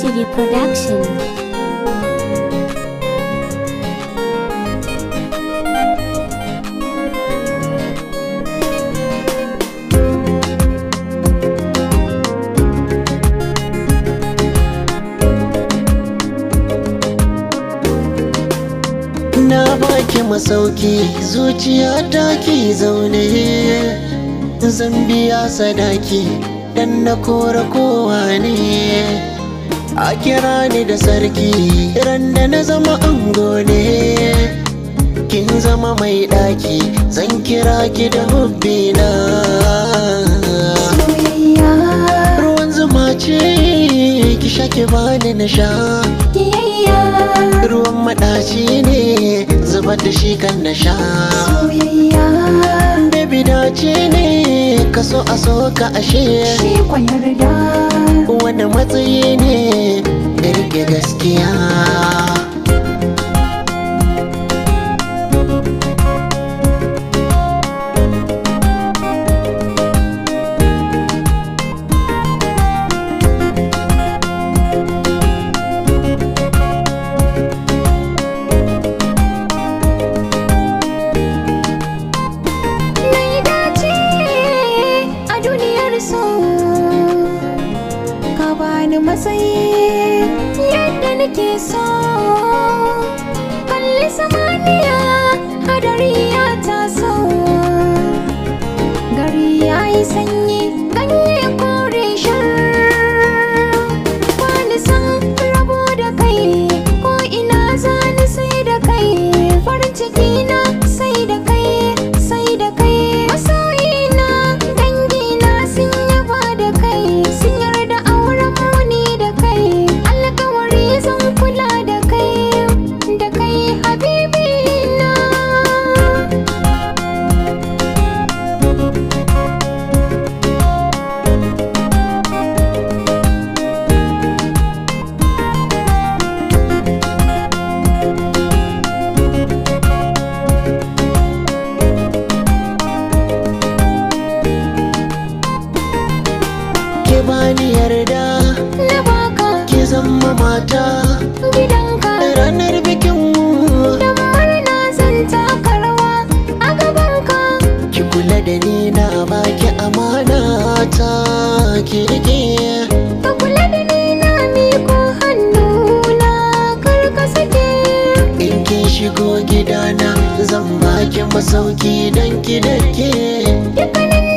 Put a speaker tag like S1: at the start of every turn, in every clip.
S1: TV Production. na baki masauki zuciya ta ki zaune zan biya sadaki dan na kora kowa ne a kira ni da sarki ran da na zama ango ne kin zama mai daki zan kira ki da na ruwan zuma ce ki shake bani na sha ruwan madaci ne zubar da shi kan na sha baby dace ka so a so ka ashe shi kwanyar da wani matsayi ne
S2: matsayi yadda nake so kalli samaniya hadari
S1: bani yarda na baka ke zama mata gidanka ranar bikin mu dan murna zan taka rawa a gabarka, ki kula da ni na baki amana ta ki rike ka kula da ni ko hannu na kar ka sake in kin shigo gidana zan baki masauki
S2: dan ki dake dukkanin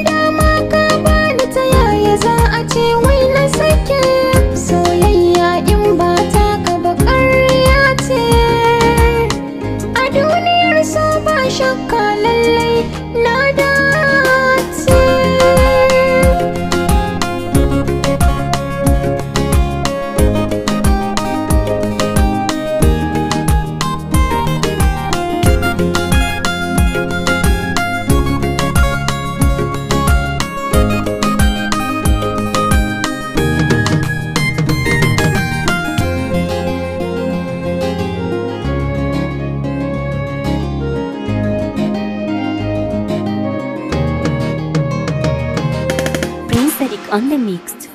S2: on the mixed